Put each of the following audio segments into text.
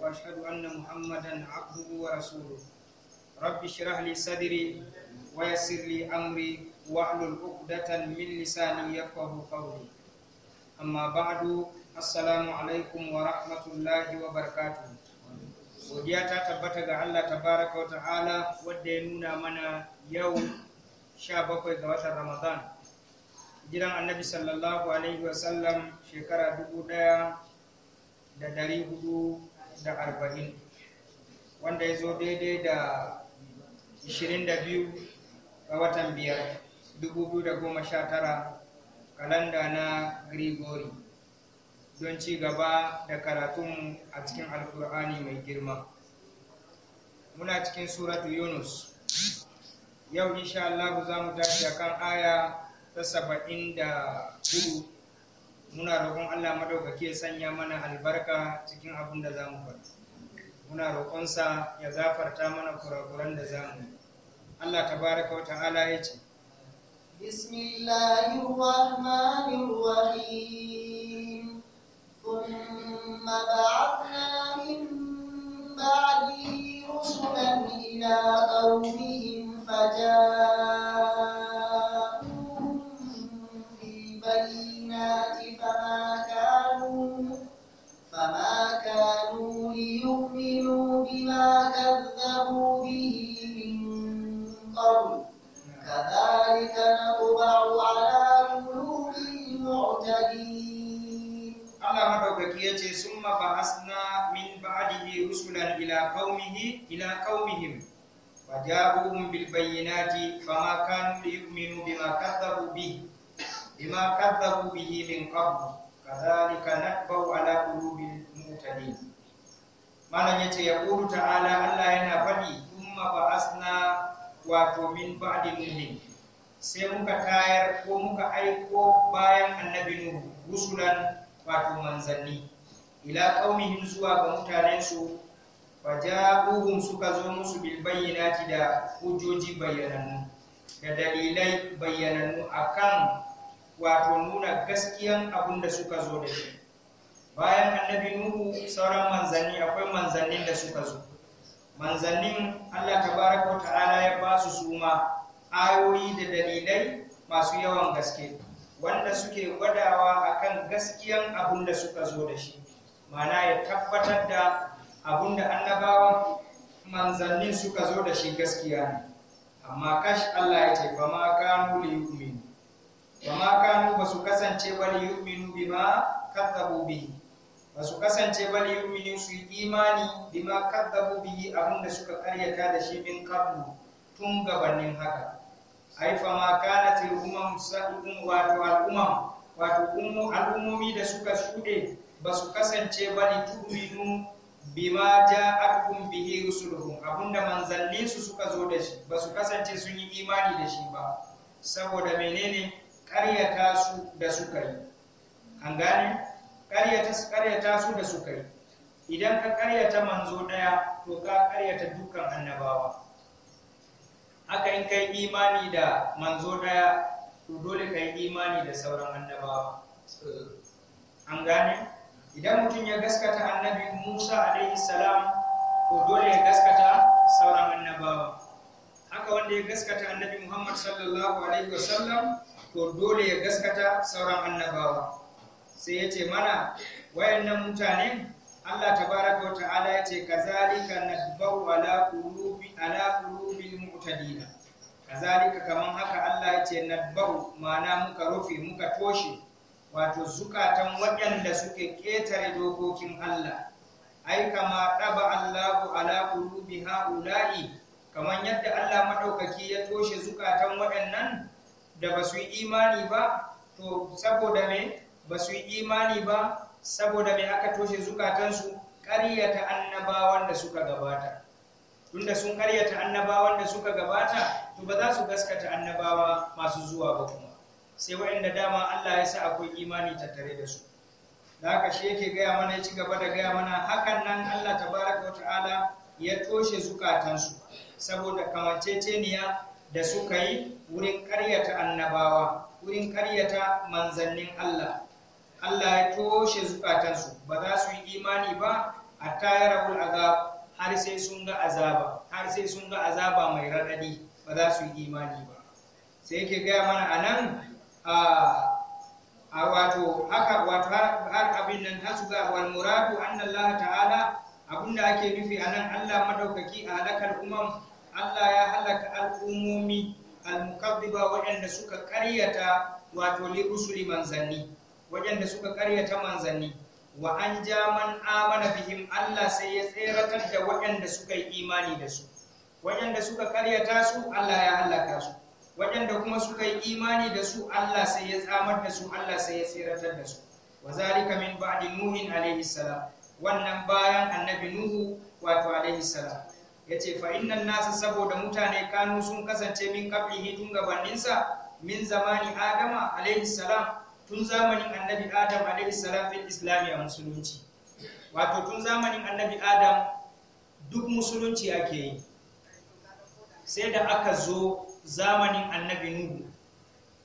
واشهد ان محمدا عبده ورسوله رب اشرح لي صدري ويسر لي امري واحلل عقدة من لساني يفقهوا قولي اما بعد السلام عليكم ورحمه الله وبركاته barakatuhu godiya ta tabbata ga Allah tabaraka wa ta'ala wadda ya nuna mana yau 17 ga watan Ramadan jiran annabi sallallahu alaihi wa sallam shekara 1447 da arba'in wanda ya zo daidai da 22 ga watan biyar 2019 kalanda na grigori don ci gaba da karatunmu a cikin alkur'ani mai girma muna cikin suratu yunus yau insha Allah za mu tashi akan aya ta saba'in da muna roƙon Allah madaukaki ya sanya mana albarka cikin abin da zamu faɗi muna roƙonsa ya zafarta mana kurakuran da zamu yi Allah baraka wa ta'ala ya ce bismillahir rahmanir rahim thumma ba'athna min rusulan ما كانوا ليؤمنوا بما كذبوا به من قبل كذلك نطبع على قلوب المعتدين الله مدوكي يجي ثم بعثنا من بعده رسلا إلى قومه إلى قومهم فجاءوهم بالبينات فما كانوا ليؤمنوا بما كذبوا به بما كذبوا به من قبل kazalika naqbau ala qulubil mutadin malan yace ya qulu ta'ala Allah yana faɗi thumma ba'asna wato min ba'di nuh sai muka tayar ko muka aiko bayan annabi nuh rusulan wato manzanni ila qaumihim zuwa ga mutanensu faja'uhum suka zo musu bil bayyinati da hujjoji bayyanannu da dalilai bayyanannu akan wato nuna gaskiyan abin da suka zo da shi bayan annabi nuhu sauran manzanni akwai manzannin da suka zo manzannin allah tabaraka ta'ala ya ba su suma ayoyi da dalilai masu yawan gaske wanda suke gwadawa akan gaskiyan abin da suka zo da shi mana ya tabbatar da abin da annabawa manzannin suka zo da shi gaskiya ne amma kash allah ya ce ba ma kanu li wa ma kanu ba su kasance bal yu'minu bima kadzabu bihi ba su kasance bal yu'minu su yi imani bima kadzabu bihi abinda suka karyata da shi min qablu tun gabanin haka ai fa ma kana til umam sa'idun wato al-umam wato ummu umumi da suka shuɗe ba su kasance bal ni tu'minu bima ja'akum bihi rusuluhum abunda manzannin su suka zo da shi ba su kasance sun yi imani da shi ba saboda menene Karyata su da suka yi an gane karyata su da suka yi idan ka karyata manzo ɗaya to ka karyata dukkan annabawa haka in kai imani da manzo ɗaya to dole ka yi imani da sauran annabawa an gane idan mutum ya gaskata annabi musa alaihi salam to dole ya gaskata sauran annabawa haka wanda ya gaskata annabi muhammad sallallahu alaihi wasallam to dole ya gaskata sauran annabawa sai ya ce mana wayannan mutane Allah tabaraka wa ta'ala ya ce kazalika nadbau ala qulubi ala qulubil mu'tadina kazalika kaman haka Allah ya ce nadbau ma'ana muka rufe muka toshe wato zukatan waɗanda suke ƙetare dokokin Allah ai kama ɗaba Allahu ala qulubi haula'i kaman yadda Allah maɗaukaki ya toshe zukatan waɗannan da ba su yi imani ba to saboda me ba su yi imani ba saboda me aka toshe zukatansu ƙaryata annabawan da suka gabata tunda sun ƙaryata annabawan da suka gabata to ba za su gaskata annabawa masu zuwa ba kuma sai waɗanda dama Allah ya sa akwai imani tattare da su da haka shi yake gaya mana ya ci gaba da gaya mana hakan nan Allah tabaraka wa ta'ala ya toshe zukatansu saboda kamanceceniya da suka yi wurin karyata annabawa wurin karyata manzannin Allah Allah ya toshe zukatansu ba za su yi imani ba a tayarabul azab har sai sun ga azaba har sai sun ga azaba mai raɗaɗi ba za su yi imani ba sai yake gaya mana a nan a wato haka wato har abin nan ta su ga wal muradu annallah ta'ala abinda ake nufi a nan Allah madaukaki a halakar umam Allah ya halaka al'umomi al-mukaddiba waɗanda suka karyata wato li rusuli manzanni waɗanda suka karyata manzanni wa an ja man amana bihim Allah sai ya tseratar da waɗanda suka yi imani da su waɗanda suka karyata su Allah ya halaka su waɗanda kuma suka yi imani da su Allah sai ya tsamar da su Allah sai ya tseratar da su wa zalika min ba'di nuhin alaihi salam wannan bayan annabi nuhu wato alaihi salam yace fa innan nasa saboda mutane kanu sun kasance min qablihi tun gabaninsa min zamani adama alaihissalam tun zamanin annabi adam alaihissalam salam fil islami a musulunci wato tun zamanin annabi adam duk musulunci ake yi sai da aka zo zamanin annabi nuhu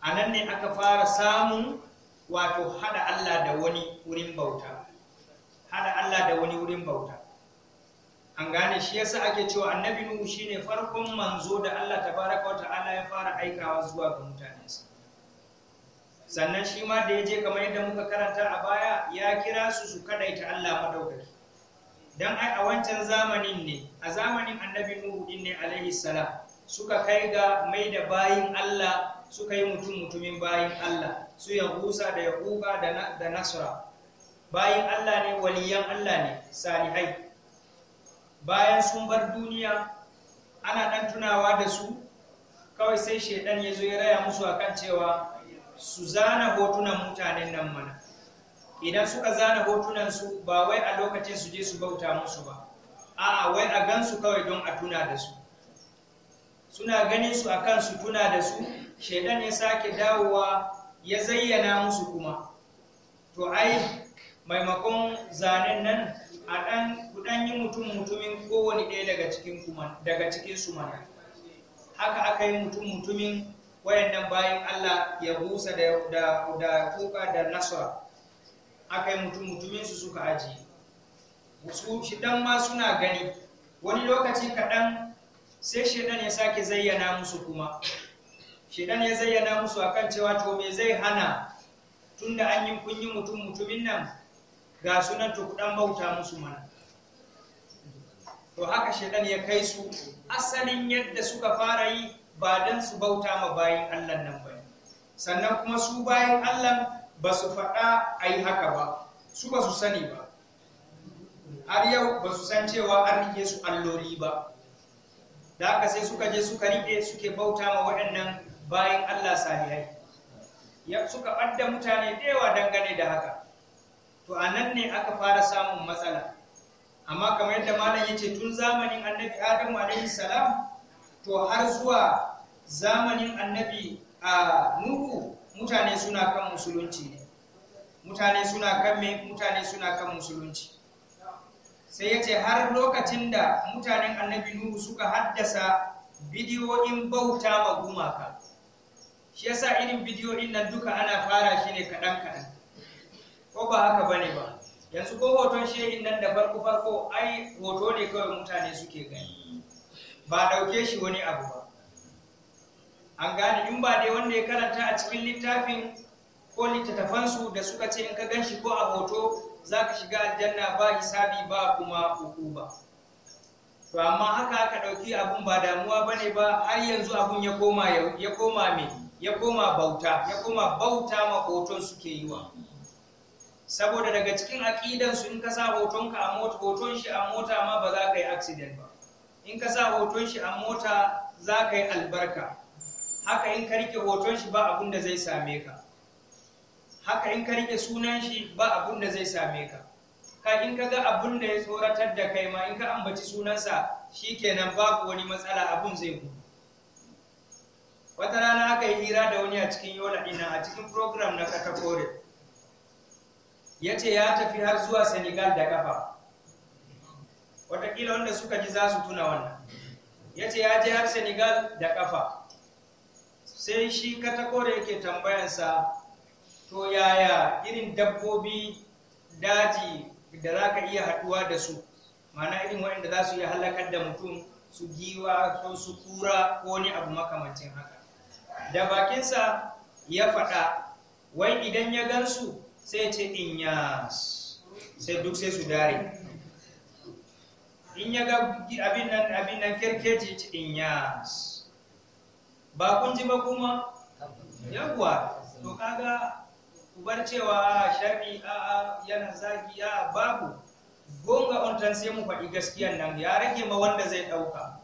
a nan ne aka fara samun wato hada Allah da wani wurin bauta hada Allah da wani wurin bauta an gane shi yasa ake cewa annabi nuhu shine farkon manzo da Allah tabaraka wata'ala ya fara aikawa zuwa ga mutanensa sannan shi ma da ya je kamar yadda muka karanta a baya ya kira su su kadaita Allah madaukaki dan ai a wancan zamanin ne a zamanin annabi nuhu din ne alaihi salam suka kai ga mai da bayin Allah suka yi mutum mutumin bayin Allah su ya da ya da da nasra bayin Allah ne waliyan Allah ne salihai bayan sun bar duniya ana ɗan tunawa da su kawai sai shaidan ya zo ya raya musu akan cewa su zana hotunan mutanen nan mana idan suka zana hotunan su ba wai a lokacin su je su bauta musu ba a'a wai a gansu kawai don a tuna da su suna ganin su akan su tuna da su shaidan ya sake dawowa ya zayyana musu kuma to ai maimakon zanen nan a ɗan dan yi mutum mutumin kowane ɗaya daga cikin kuma daga cikin su mana haka aka yi mutum mutumin wayannan bayan Allah ya busa da da da tuka da nasara aka yi mutum mutumin su suka aji shi dan ma suna gani wani lokaci kaɗan sai shidan ya sake zayyana musu kuma shidan ya zayyana musu akan cewa to me zai hana tunda an yi kunyi mutum mutumin nan ga sunan to kudan bauta musu mana to haka shaitan ya kai su asalin yadda suka fara yi ba don su bauta ma bayin Allah nan ba sannan kuma su bayan Allah ba su faɗa a yi haka ba su ba su sani ba har yau ba su san cewa an rike su alloli ba da haka sai suka je suka rike suke bauta ma waɗannan bayan Allah salihai ya suka ɓadda mutane da dangane da haka to a nan ne aka fara samun matsala amma kamar yadda malam ya ce tun zamanin annabi adamu alaihi salam to har zuwa zamanin annabi a nuhu mutane suna kan musulunci ne mutane suna kan me mutane suna kan musulunci sai ya ce har lokacin da mutanen annabi nuhu suka haddasa bidiyoyin bauta ma gumaka shi yasa irin bidiyoyin nan duka ana fara shi ne kaɗan kaɗan ko ba haka bane ba yanzu ko hoton shehin nan da farko farko ai hoto ne kawai mutane suke gani ba ɗauke shi wani abu ba an gane in ba dai wanda ya karanta a cikin littafin ko littattafansu da suka ce in ka gan shi ko a hoto za ka shiga aljanna ba hisabi ba kuma hukuma to amma haka aka ɗauki abun ba damuwa ba ne ba har yanzu abun ya koma ya koma me ya koma bauta ya koma bauta ma hoton suke yi wa saboda daga cikin aƙidan su in ka sa ka a mota hoton shi a mota ma ba za ka yi accident ba in ka sa hoton shi a mota za ka yi albarka haka in ka rike hoton shi ba abun da zai same ka haka in ka rike sunan shi ba abun da zai same ka ka in ka ga abun da ya tsoratar da kai ma in ka ambaci sunansa shikenan babu wani matsala abun zai ku wata rana aka yi hira da wani a cikin yola ina a cikin program na katakore ya ce ya tafi har zuwa senegal da kafa watakila wanda suka ji za su tuna wannan ya ce ya je har senegal da kafa sai shi katakore yake tambayansa to yaya irin dabbobi daji da za ka iya haduwa da su mana irin waɗanda za su iya halakar da mutum su giwa ko su kura ko wani abu makamancin haka da bakinsa ya faɗa wai idan ya gansu sai ce sai duk sai su dare in ya ga abin nan abin nan kirkeci ci inyas ba kun ji ba kuma yawwa to kaga ubar cewa a sharri a a yana zagi a babu gonga on tan sai mu faɗi gaskiyan nan ya rage ma wanda zai ɗauka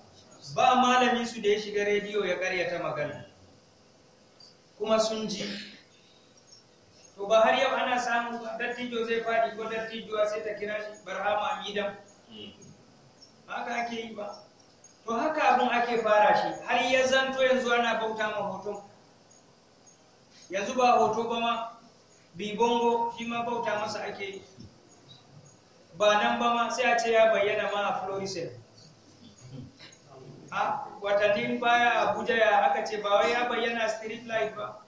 ba malamin su da ya shiga rediyo ya karyata magana kuma sun ji to ba har yau ana samu dattijo zai faɗi ko dattijuwa sai ta kira shi barhama amidan haka ake yi ba to haka abin ake fara shi har ya zanto yanzu ana bauta ma hoton yanzu ba hoto ba ma bibongo shi ma bauta masa ake yi ba nan ba ma sai a ce ya bayyana ma a florisel a watannin baya abuja ya aka ce ba wai ya bayyana street life ba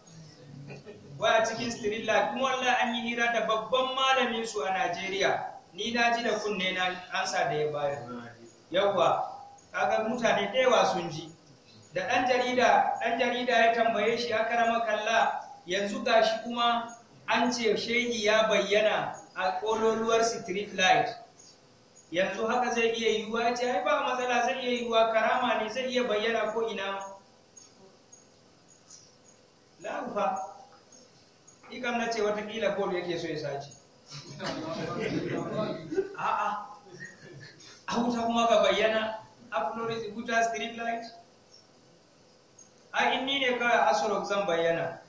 a cikin sirilla kuma wallahi an yi hira da babban malamin su a Najeriya ni na ji da kunne na ansa da ya bayar yawa kaga mutane da yawa sun ji da ɗan jarida ɗan jarida ya tambaye shi a karama kalla yanzu gashi kuma an ce shehi ya bayyana a kololuwar street light yanzu haka zai iya yiwuwa ya ce ai ba matsala zai iya yiwuwa karama ne zai iya bayyana ko ina ikan na ce watakila kol yake so ya sace a'a a wuta kuma ka bayyana a florist huta street light a inni ne kawai asorok zan bayyana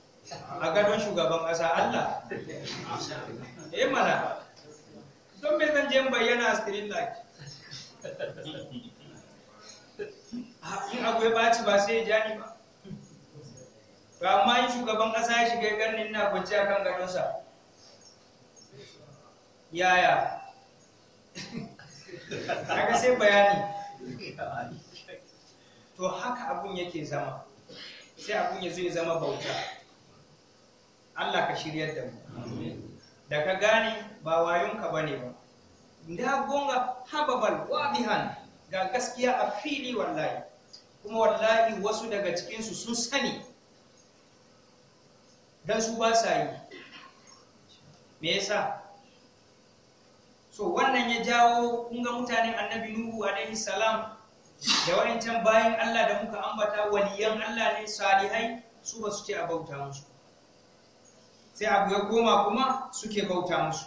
a gadon shugaban ƙasa allah eh mana don me zan je bayyana a street light in akwai baci ba sai ya ja ni ba Ga amma in shugaban ƙasa ya shiga karnin na kwanciya kan gadonsa yaya kaga sai bayani to haka abun yake zama sai abun ya zai zama bauta Allah ka shiryar da mu da ka gane ba wayonka ba ne ba da gonga hababal wabihan ga gaskiya a fili wallahi kuma wallahi wasu daga cikinsu sun sani dan su ba sa yi me yasa so wannan ya jawo kunga ga mutanen annabi nuhu alaihi salam da wayancan bayan Allah da muka ambata waliyan Allah ne salihai su ba su ce a bauta musu sai abu ya koma kuma suke bauta musu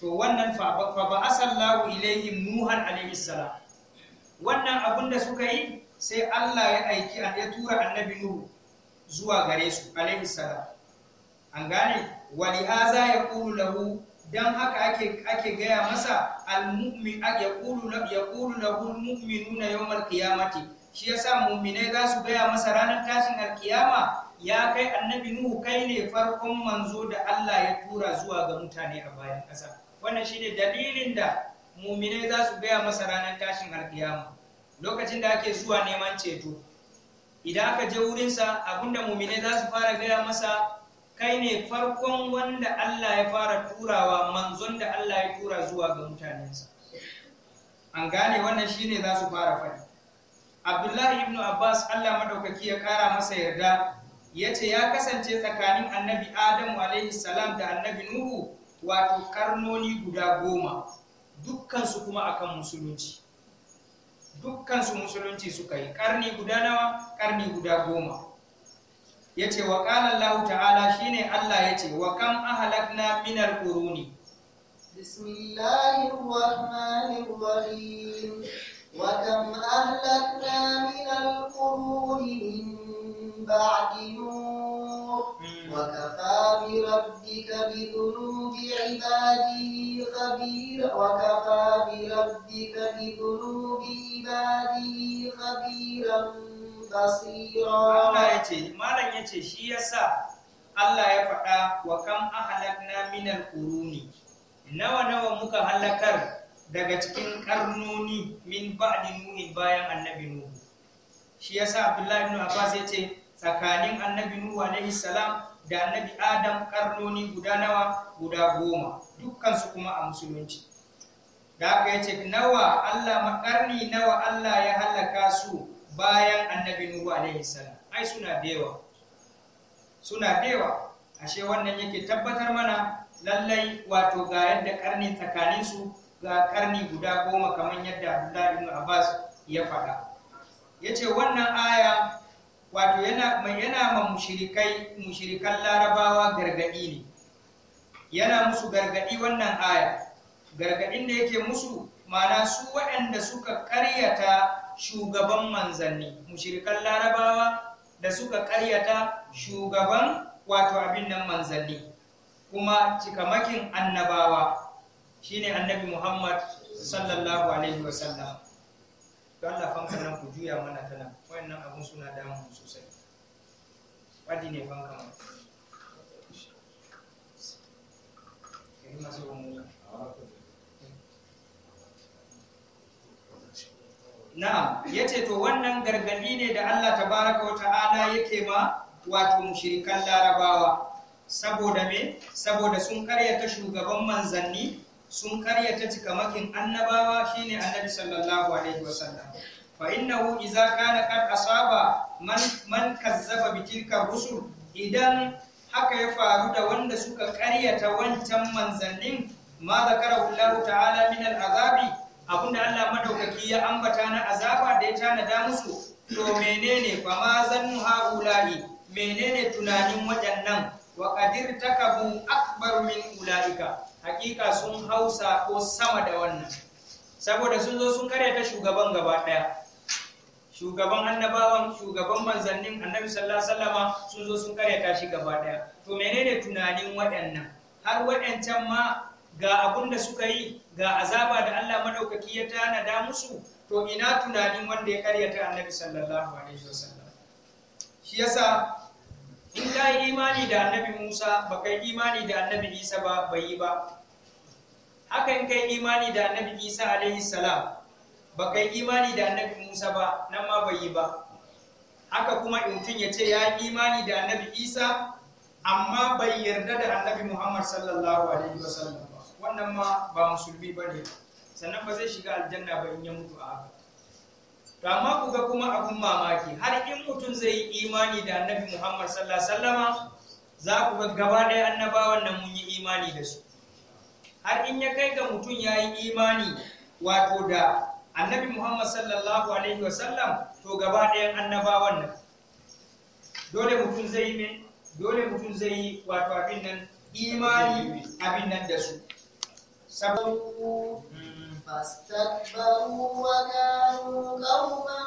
to wannan fa ba asallahu ilaihim nuhan alaihi salam wannan abun da suka yi sai Allah ya aiki ya tura annabi nuhu zuwa gare su alaihi salam an gane wali haza ya kulu lahu dan haka ake ake gaya masa almu'min ya kulu ya kulu lahu almu'minuna yawmal qiyamati shi yasa mu'mine za su gaya masa ranar tashin alkiyama ya kai annabi nuhu kai ne farkon manzo da Allah ya tura zuwa ga mutane a bayan kasa. wannan shine dalilin da mu'mine za su gaya masa ranar tashin alkiyama lokacin da ake zuwa neman ceto idan aka je wurinsa abinda mu'minai za su fara gaya masa kai ne farkon wanda Allah ya fara turawa manzon da Allah ya tura zuwa ga mutanensa an gane wannan shine za su fara faɗi Abdullahi ibn Abbas Allah madaukaki ya kara masa yarda ya ce ya kasance tsakanin annabi Adamu alaihi salam da annabi Nuhu wato karnoni guda goma dukkansu kuma akan musulunci dukkansu musulunci suka yi karni guda nawa karni guda goma yace wa qala Allah ta'ala shine Allah yace wa kam ahlakna min al-quruni bismillahir rahmanir rahim wa kam ahlakna min al-quruni ba'di nuh wa kafa bi rabbika bi dhunubi ibadihi khabira wa kafa bi rabbika bi dhunubi ibadihi khabiran Allah yace malam yace shi yasa Allah ya faɗa wa kam ahlakna minal quruni nawa nawa muka halakar daga cikin karnoni min ba'di nuhin bayan annabi nuhu shi yasa Abdullahi ibn Abbas yace tsakanin annabi nuhu alaihi salam da annabi Adam karnoni guda nawa guda goma dukkan kuma a musulunci da aka yace nawa Allah makarni nawa Allah ya halaka su bayan annabi nuhu alaihi salam ai suna dewa suna dewa ashe wannan yake tabbatar mana lallai wato ga yadda karni tsakanin su ga karni guda goma kaman yadda Abdullahi ibn Abbas ya faɗa yace wannan aya wato yana mai yana ma mushrikai mushrikan larabawa gargadi ne yana musu gargadi wannan aya gargadin da yake musu ma'ana su waɗanda suka karyata shugaban manzanni mushirikan larabawa da suka karyata shugaban wato abin nan manzanni kuma cikamakin annabawa shine annabi muhammad sallallahu alaihi wasallam don fanka nan ku juya mana ta nan wayannan abun suna damun sosai wadi ne fanka mana masu na ce to wannan gargadi ne da Allah tabaraka wa ta'ala yake ma wato mushrikan larabawa saboda me saboda sun karyata shugaban manzanni sun karya karyata cikamakin annabawa shine annabi sallallahu alaihi wasallam fa innahu idza kana qad asaba man man kazzaba bi tilka rusul idan haka ya faru da wanda suka karyata wancan manzannin ma zakarahu Allah ta'ala min al-azabi abinda Allah madaukaki ya ambata na azaba da ya tanada musu to menene fa ma zannu haula'i menene tunanin waɗannan wa qadir takabu akbar min ulaika hakika sun hausa ko sama da wannan saboda sun zo sun karya ta shugaban gaba daya shugaban annabawan shugaban manzannin annabi sallallahu alaihi wasallama sun zo sun karya ta shi gaba daya to menene tunanin waɗannan har waɗancan ma ga abun da suka yi ga azaba da Allah madaukaki ya tanada musu to ina tunanin wanda ya karyata annabi sallallahu alaihi wasallam shi yasa in ka yi imani da annabi Musa ba kai imani da annabi Isa ba bai yi ba haka in kai imani da annabi Isa alaihi salam ba kai imani da annabi Musa ba nan ma bai yi ba haka kuma in mutum ya ce ya yi imani da annabi Isa amma bai yarda da annabi Muhammad sallallahu alaihi wasallam wannan ma ba musulmi ba ne sannan ba zai shiga aljanna ba in ya mutu a haka to amma ku ga kuma abun mamaki har in mutum zai yi imani da annabi muhammad sallallahu alaihi za ku ga gaba ɗaya annabawan nan mun yi imani da su har in ya kai ga mutum ya yi imani wato da annabi muhammad sallallahu alaihi wasallam to gaba ɗayan annabawan nan dole mutum zai yi dole mutum zai yi wato abin nan imani abin nan da su صبروا فاستكبروا وكانوا قوما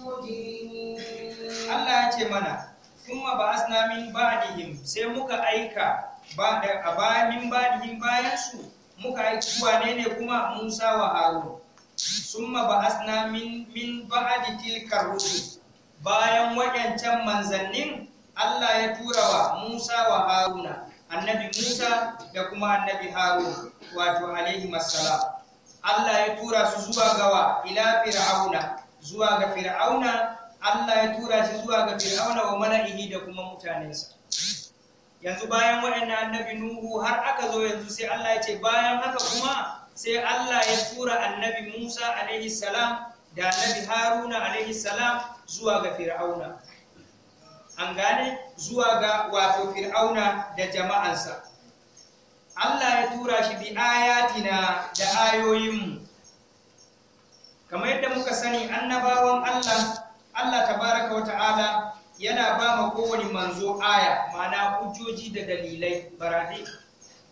مجرمين الله يجي منا min بعثنا من بعدهم sai muka aika ba da abamin badihim bayan su muka aika wane ne kuma Musa wa Harun summa asna min min ba'di tilkar rusul bayan wajen can manzannin Allah ya tura wa Musa wa Haruna annabi Musa da kuma annabi Harun wato alaihi masala Allah ya tura su zuwa gawa ila fir'auna zuwa ga fir'auna Allah ya tura shi zuwa ga fir'auna wa mala'ihi da kuma mutanensa yanzu bayan wa'annan annabi Nuhu har aka zo yanzu sai Allah ya ce bayan haka kuma sai Allah ya tura annabi Musa alaihi salam da annabi Haruna alaihi salam zuwa ga fir'auna an gane zuwa ga wato fir'auna da jama'ansa Allah ya tura shi bi ayatina da ayoyinmu kamar yadda muka sani annabawan Allah Allah tabaraka wa ta'ala yana ba ma kowane manzo aya ma'ana hujjoji da dalilai barade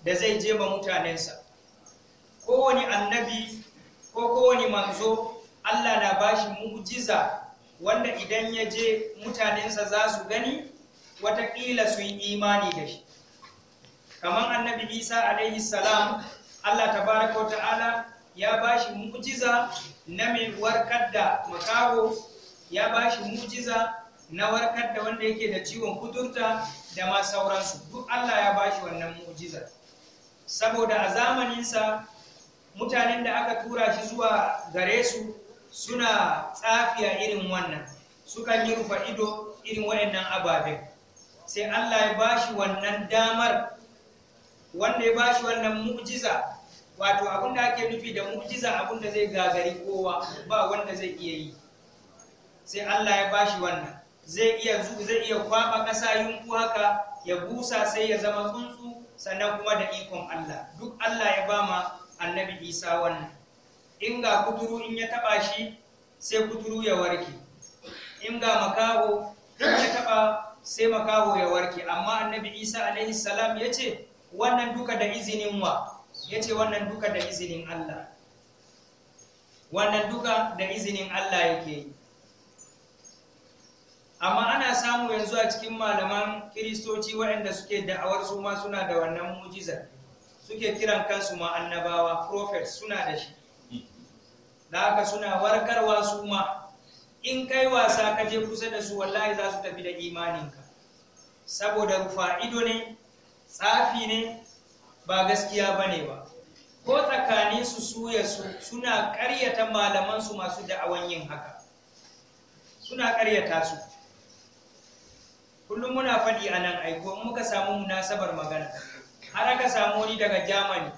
da zai je ma mutanensa koWani annabi ko kowane manzo Allah na bashi mu'jiza wanda idan ya je mutanensa za su gani watakila su yi imani da shi kamar annabi isa alaihi salam allah tabaraka ta'ala ya ba shi mu'jiza na mai warkar da makaho ya ba shi mu'jiza na warkar da wanda yake da ciwon kuturta da ma sauransu duk allah ya ba shi wannan mu'jizar saboda a zamaninsa mutanen da aka tura shi zuwa gare su suna tsafiya irin wannan sukan yi rufa ido irin waɗannan ababen sai Allah ya bashi wannan damar wanda ya bashi wannan mu'jiza wato abin da ake nufi da mu'jiza abin da zai gagari kowa ba wanda zai iya yi sai Allah ya bashi wannan zai iya zu zai iya kwaba ƙasa yunku haka ya busa sai ya zama tsuntsu sannan kuma da ikon Allah duk Allah ya bama annabi Isa wannan in ga kuturu in ya taba shi sai kuturu ya warke in ga makaho in ya taba sai makaho ya warke amma annabi isa alaihi salam ya ce wannan duka da izinin wa ya ce wannan duka da izinin allah wannan duka da izinin allah yake yi amma ana samu yanzu a cikin malaman kiristoci waɗanda suke da'awar su ma suna da wannan mujizar suke kiran kansu ma annabawa prophets suna da shi da haka suna warkarwa su ma in kai wasa ka je kusa da su wallahi za su tafi da imaninka saboda rufa ido ne tsafi ne ba gaskiya ba ne ba ko tsakanin su suya su suna karyata malamansu masu da'awan yin haka suna ƙaryata su kullum muna faɗi a nan aiko in muka samu munasabar magana har aka samu wani daga germany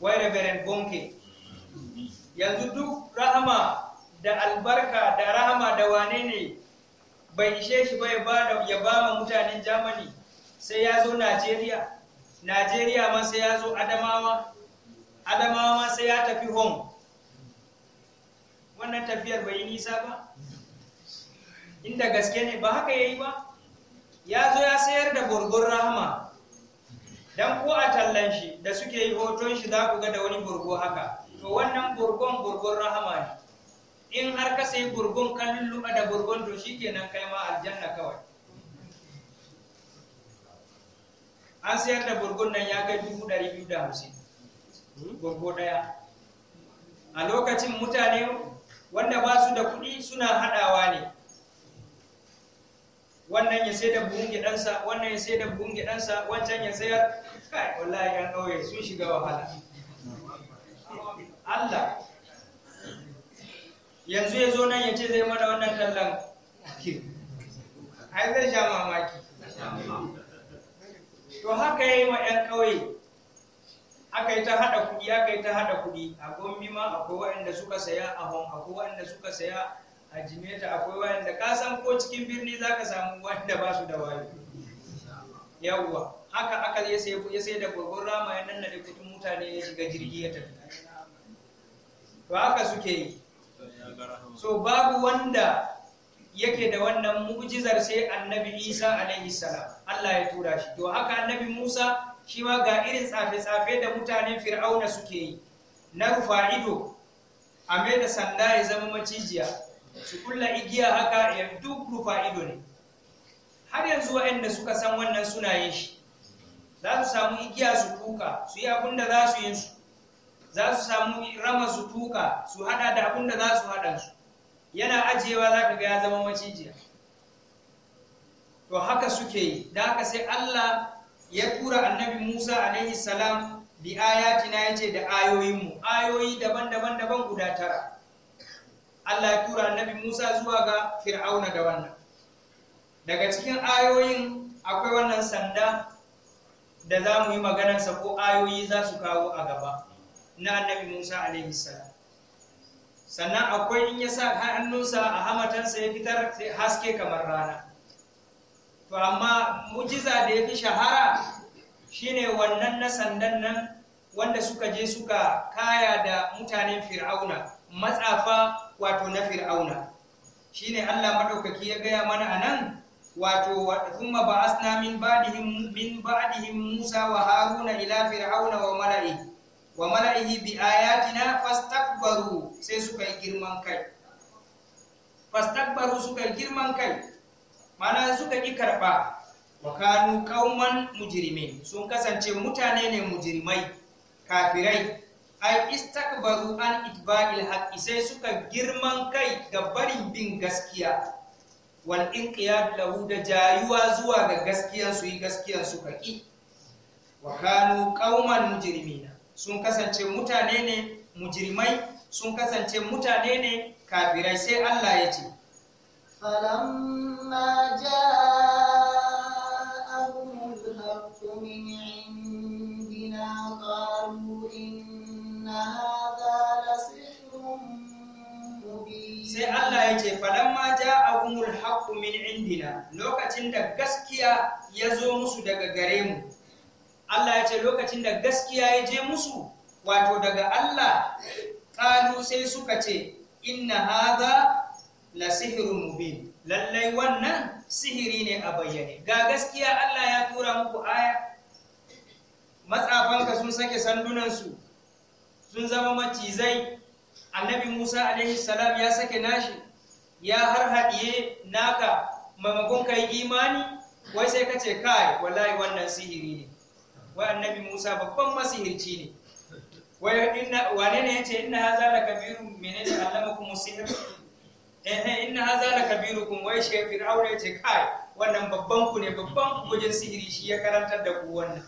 wai reverend bonke yanzu duk rahama da albarka da rahama da wane ne bai ishe shi ba ya ba ya ba ma mutanen Germany sai ya zo Najeriya Najeriya ma sai ya zo Adamawa Adamawa ma sai ya tafi home wannan tafiyar bai yi nisa ba inda gaske ne ba haka ya yi ba ya zo ya sayar da burgun rahama dan ko a tallan shi da suke yi hoton shi za ku ga da wani burgo haka to wannan gurgun gurgun rahama ne in har ka sai gurgun ka lulluɓa da gurgun to nan kai ma aljanna kawai an sayar da gurgun nan ya kai dubu ɗari biyu da hamsin burgo ɗaya a lokacin mutane wanda ba su da kuɗi suna haɗawa ne wannan ya sai da buhun gidansa wannan ya sai da buhun gidansa wancan ya sayar kai wallahi yan ƙauye sun shiga wahala Allah yanzu ya zo nan ya ce zai mana wannan kallon ai zai sha mamaki to haka ya yi ma 'yan ƙauye aka yi ta haɗa kuɗi aka yi ta haɗa kuɗi a gombi ma akwai waɗanda suka saya a hong akwai waɗanda suka saya a jimeta akwai waɗanda ka san ko cikin birni za ka samu waɗanda ba su da wayo yawwa haka aka ya sai da gwagwar rama ya nannaɗe kuɗin mutane ya shiga jirgi ya tafi to haka suke yi so babu wanda yake da wannan mu'jizar sai annabi isa alaihi salam allah ya tura shi to haka annabi musa shi ma ga irin tsafe-tsafe da mutanen fir'auna suke yi na rufa ido a mai da sanda ya zama macijiya su kulla igiya haka ya duk rufa ido ne har yanzu waɗanda suka san wannan suna shi za su samu igiya su kuka su yi abin da za su yi su za su samu rama su tuka su hada da abin da za su hada su yana ajiyewa za ka ga ya zama macijiya to haka suke yi da haka sai Allah ya tura annabi Musa alaihi salam bi ayatina yace da ayoyinmu ayoyi daban-daban daban guda tara Allah ya tura annabi Musa zuwa ga Fir'auna da wannan daga cikin ayoyin akwai wannan sanda da za mu yi maganarsa ko ayoyi za su kawo a gaba na annabi Musa alaihi salam sannan akwai in ya sa hannunsa a hamatansa ya fitar haske kamar rana to amma mujiza da ya fi shahara shine wannan na sandan nan wanda suka je suka kaya da mutanen fir'auna matsafa wato na fir'auna shine Allah madaukaki ya gaya mana anan wato thumma ba'asna min ba'dihim min ba'dihim Musa wa Haruna ila fir'auna wa mala'ihi wa mala'ihi bi ayatina fastakbaru sai suka yi girman kai fastakbaru suka yi girman kai mana suka ki karba wa kanu qauman mujrimin sun kasance mutane ne mujrimai kafirai ai istakbaru an itba'il haqqi sai suka girman kai ga barin bin gaskiya wal inqiyad lahu da jayuwa zuwa ga gaskiyan su yi gaskiyan su kaki wa kanu qauman mujrimina sun kasance mutane ne mujirmai sun kasance mutane ne kafirai sai Allah ya ce falamma ja indina sai Allah ya ce falamma ja'ahumul haqqu min indina lokacin da gaskiya ya zo musu daga gare mu Allah ya ce lokacin da gaskiya ya je musu wato daga Allah kalu sai suka ce inna hadha la sihrun mubin lallai wannan sihiri ne a bayyane ga gaskiya Allah ya tura muku aya matsafanka sun sake su sun zama macizai annabi Musa alaihi salam ya sake nashi ya harhadiye naka maimakon ka imani wai sai ka ce kai wallahi wannan sihiri ne wa annabi Musa babban masihirci ne wai inna wane ne yace inna hadha la kabirun menene allamakum musihir? Eh, eh inna hadha la kabirukum wai shi fir'auna yace kai wannan babban ku ne babban wajen sihiri shi ya karantar da ku wannan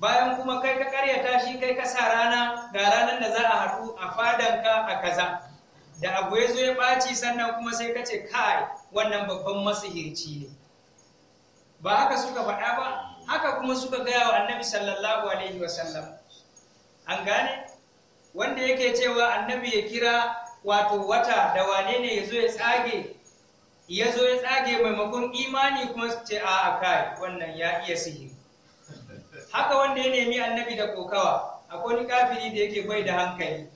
bayan kuma kai ka karyata shi kai ka sa rana ga ranar da za a haɗu a fadanka a kaza da abu ya zo ya ɓaci sannan kuma sai ka ce kai wannan babban masihirci ne ba haka suka faɗa ba haka kuma suka gaya wa annabi sallallahu alaihi wasallam an gane wanda yake cewa annabi ya kira wato wata da wane ne ya zo ya tsage ya zo ya tsage maimakon imani kuma su ce a'a kai wannan ya iya sihiri haka wanda ya nemi annabi da kokawa akwai wani kafiri da yake bai da hankali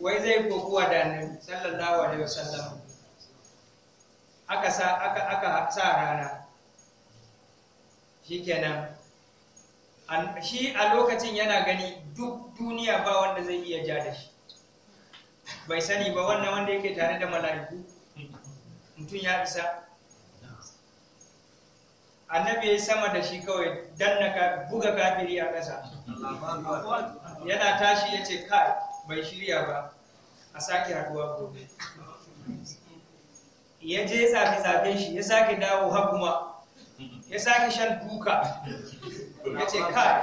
wai zai kokuwa da annabi sallallahu alaihi wasallam aka sa aka aka sa rana shikenan shi a lokacin yana gani duk duniya ba wanda zai iya ja da shi bai sani ba wannan wanda yake tare da mala'iku mutum ya isa annabi ya sama da shi kawai danna ka buga kafiri a ƙasa yana tashi ya ce kai bai shirya ba a sake haduwa gobe ya je zafi zafe shi ya sake dawo haguma ya sake shan duka ya ce kai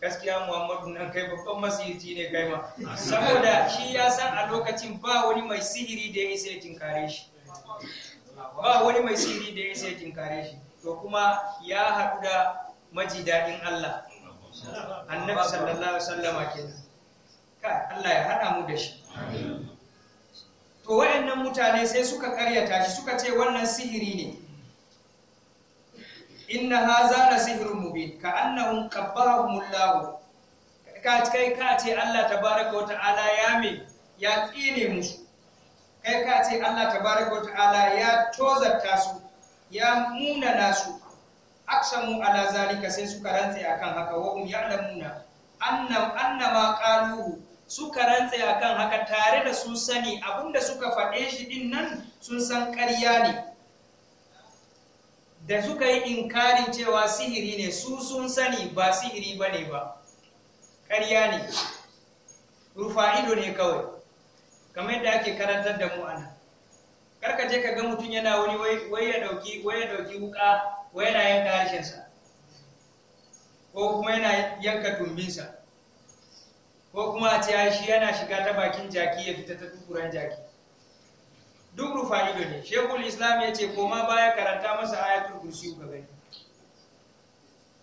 gaskiya muhammadu nan kai babban masirci ne kai ma saboda shi ya san a lokacin ba wani mai sihiri da ya isa ya tinkare shi ba wani mai sihiri da ya isa ya tinkare shi to kuma ya haɗu da maji daɗin Allah annabi sallallahu alaihi wasallama kenan kai Allah ya haɗa mu da shi to wayannan mutane sai suka karyata shi suka ce wannan sihiri ne inna haza la sihrun mubin ka annahum qabbahumullahu ka kai ka ce Allah tabaraka wata'ala ya me ya tsine musu kai ka ce Allah tabaraka wata'ala ya tozarta su ya munana su aksamu ala zalika sai suka rantse akan haka wa hum ya'lamuna annam annama qaluhu suka rantse akan haka tare da sun sani abinda suka faɗe shi din nan sun san ƙarya ne da suka yi inkarin cewa sihiri ne su sun sani ba sihiri ba ne ba ƙarya ne rufa'ido ne kawai kamar yadda ake karantar da mu ana karka je ka ga mutum yana wani waya dauki waya dauki wuka waya na yanka harshensa ko kuma yana yanka tumbinsa ko kuma a ce shi yana shiga ta bakin jaki ya fita ta tukuran jaki duk rufa'i ne, shekul islam ya ce koma baya karanta masa ayatul kursi ga gani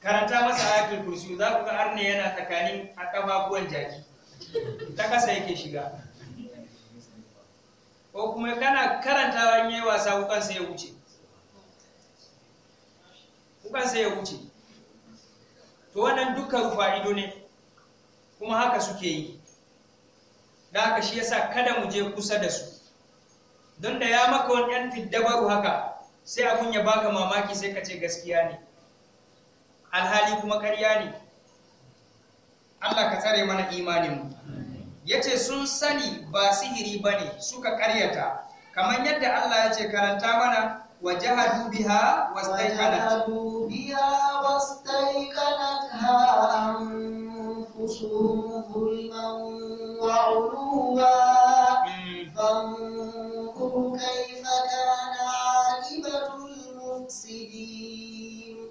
karanta masa ayatul kursi za ku ga arne yana tsakanin a kafafuwan jaki ta kasa yake shiga ko kuma kana karantawa in yayi wasa kukan sai ya wuce kukan sai ya wuce to wannan duka rufa'ido ne kuma haka suke yi da haka shi yasa kada mu je kusa da su don da ya maka wani ɗan fiddabaru haka sai abun ya baka mamaki sai ka ce gaskiya ne alhali kuma karya ne Allah ka tsare mana imaninmu ya ce sun sani ba sihiri ba ne suka karyata kamar yadda Allah ya ce karanta mana wa jahadu biha wastaiqanat biha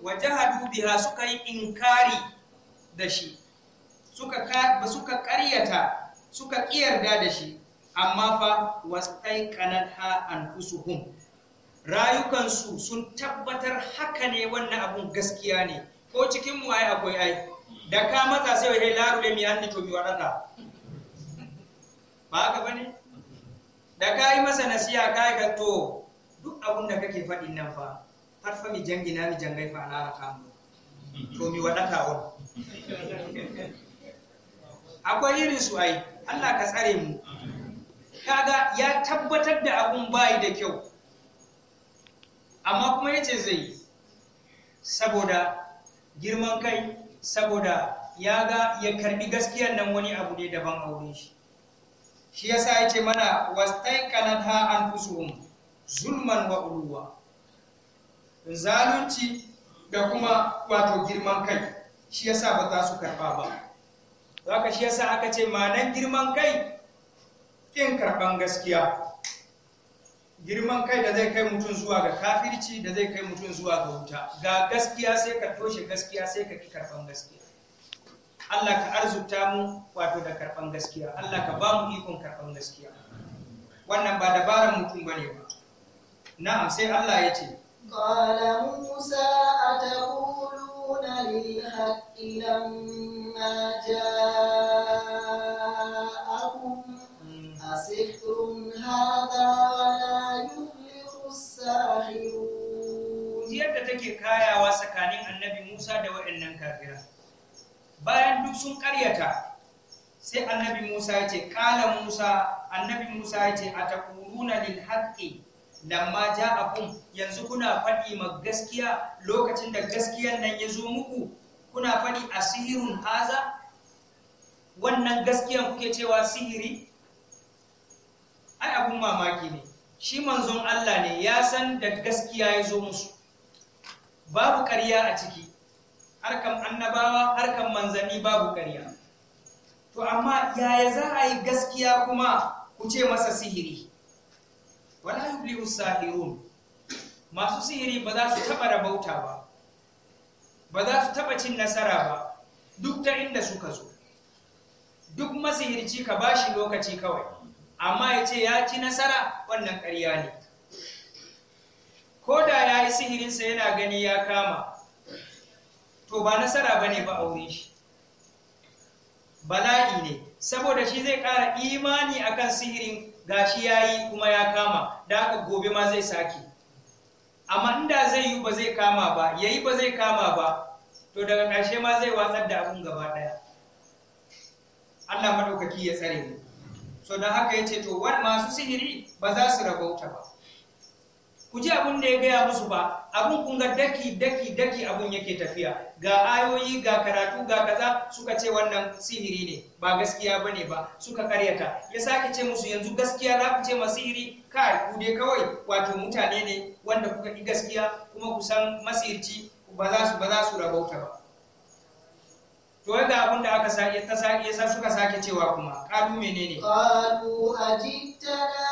wajahadu biha suka yi inkari da shi suka ba suka ƙaryata suka ƙiyarda da shi amma fa wastaiqanat ha anfusuhum rayukansu sun tabbatar haka ne wannan abun gaskiya ne ko cikin mu ai akwai ai da ka maza sai wai da mi hanni to mi wadata ba ka bane da ka yi masa nasiya ka ga to duk abun da kake faɗin nan fa har fa mi jangina mi jangai fa raka mu to mi ka on akwai irin su ai Allah ka tsare mu kaga ya tabbatar da abun bai da kyau amma kuma yace zai saboda girman kai saboda ya ga ya karbi gaskiyar nan wani abu ne daban a wurin shi shi yasa yace mana wastaiqanat ha anfusuhum zulman wa uluwa zalunci da kuma wato girman kai shi yasa ba za su karɓa ba zaka shi yasa aka ce manan girman kai kin karɓan gaskiya girman kai da zai kai mutum zuwa ga kafirci da zai kai mutum zuwa ga wuta ga gaskiya sai ka toshe gaskiya sai ka ki karɓan gaskiya Allah ka arzuta mu wato da karɓan gaskiya Allah ka ba mu ikon karɓan gaskiya wannan ba dabaran mutum bane ba na'am sai Allah ya ce قال موسى أتقولون للحق لما جاءكم أسحر هذا ولا يفلح الساحرون yadda take kayawa tsakanin annabi Musa da waɗannan kafira bayan duk sun karyata sai annabi Musa ya ce ƙala Musa annabi Musa ya ce a taƙuruna lil haƙƙi lamma kun, yanzu kuna faɗi ma gaskiya lokacin da gaskiyan nan ya zo muku kuna faɗi sihirin haza wannan gaskiyan kuke cewa sihiri ai abun mamaki ne shi manzon Allah ne ya san da gaskiya ya zo musu babu ƙarya a ciki harkan annabawa harkan manzanni babu ƙarya to amma yaya za a yi gaskiya kuma ku ce masa sihiri wala yublihu sahirun masu sihiri ba za su taba rabauta ba ba za su taɓa cin nasara ba duk ta inda suka zo duk masihirci ka bashi lokaci kawai amma ya ce ya ci nasara wannan ƙarya ne ko da ya yi sihirinsa yana gani ya kama to ba nasara ba ne ba shi bala'i ne saboda shi zai ƙara imani akan sihirin gashi ya yi kuma ya kama da aka gobe ma zai sake amma inda zai yi ba zai kama ba ya yi ba zai kama ba to daga ƙarshe ma zai watsar da abin gaba ɗaya Allah maɗaukaki ya tsare mu so don haka ya ce to wani masu sihiri ba za su rabauta ba ku ji abin da ya gaya musu ba abin kun ga daki daki daki abin yake tafiya ga ayoyi ga karatu ga kaza suka ce wannan sihiri ne ba gaskiya bane ba suka karyata ya sake ce musu yanzu gaskiya za ku ce ma sihiri kai ku dai kawai wato mutane ne wanda kuka ki gaskiya kuma ku san masirci ba za su ba za su rabauta ba to ga abin da aka sa ya sa suka sake cewa kuma kalu menene qalu ajitana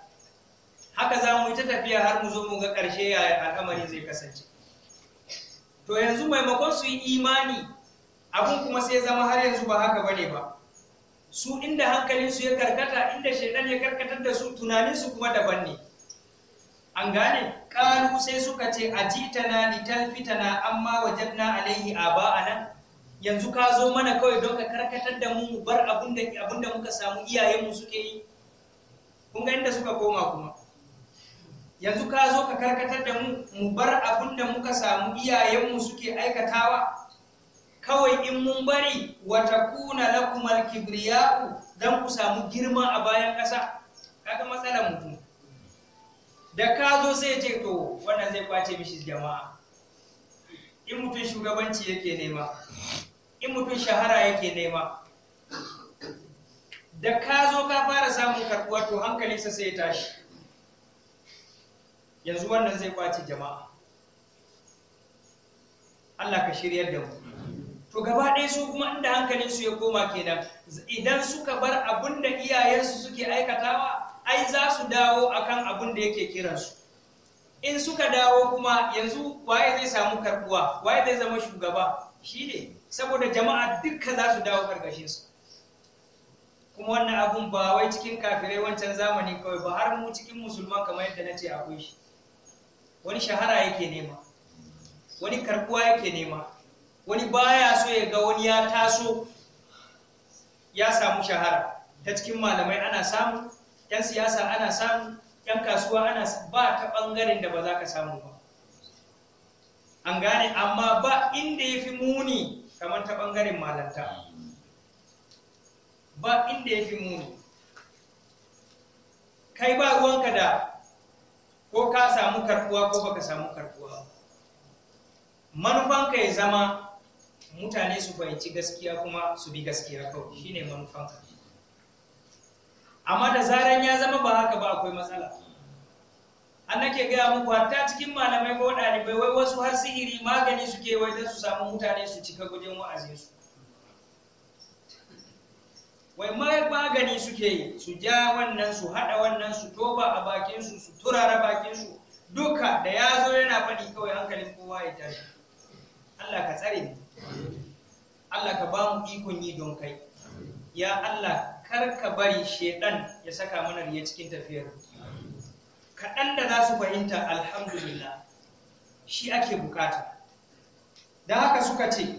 haka za mu yi ta tafiya har mu zo mu ga ƙarshe yaya al'amari zai kasance to yanzu maimakon su yi imani abun kuma sai zama har yanzu ba haka bane ba su inda hankalinsu ya karkata inda shaidan ya karkatar da su tunaninsu kuma daban ne an gane ƙalu sai suka ce a jitana litalfitana amma wajen wajadna alaihi aba'ana yanzu ka zo mana kawai don ka karkatar da mu bar abin da muka samu iyayenmu suke yi kun ga inda suka koma kuma yanzu ka zo ka karkatar da mu mu bar abin da muka samu iyayenmu suke aikatawa kawai in mun bari wata kuna lakumal don ku samu girma a bayan ƙasa kaga matsalar mutum da ka zo sai ce to wannan zai kwace mishi jama'a in mutum shugabanci yake nema in mutum shahara yake nema da ka zo ka fara samun karɓuwa to hankalinsa sai ya tashi yanzu wannan zai kwace jama'a Allah ka shiryar da mu to gaba ɗaya su kuma inda su ya koma kenan idan suka bar abin da iyayensu suke aikatawa ai za su dawo akan abin da yake kiransu in suka dawo kuma yanzu waye zai samu karbuwa waye zai zama shugaba shi ne saboda jama'a dukka za su dawo su kuma wannan abun ba wai cikin kafirai wancan zamani kawai ba har mu cikin musulman kamar yadda na ce akwai shi wani shahara yake nema wani karbuwa yake nema wani baya so ya ga wani ya taso ya samu shahara ta cikin malamai ana samu yan siyasa ana samu yan kasuwa ana ba ta bangaren da ba za ka samu ba an gane amma ba inda ya fi muni kamar ta bangaren malanta ba inda ya fi muni kai ba ruwanka da ko ka samu karbuwa ko baka samu karbuwa manufanka ya zama mutane su fahimci gaskiya kuma su bi gaskiya kawai shine manufanka amma da zaran ya zama ba haka ba akwai matsala an nake gaya muku hatta cikin malamai ko ɗalibai wai wasu har sihiri magani suke wai don su samu mutane su cika gudun wa'azinsu wai ma magani suke yi su ja wannan su haɗa wannan su toba a bakinsu su turara bakinsu duka da ya zo yana faɗi kawai hankalin kowa ya tashi Allah ka tsare mu Allah ka ba mu ikon yi don kai ya Allah kar ka bari shedan ya saka mana riya cikin tafiyar kaɗan da za su fahimta alhamdulillah shi ake bukata da haka suka ce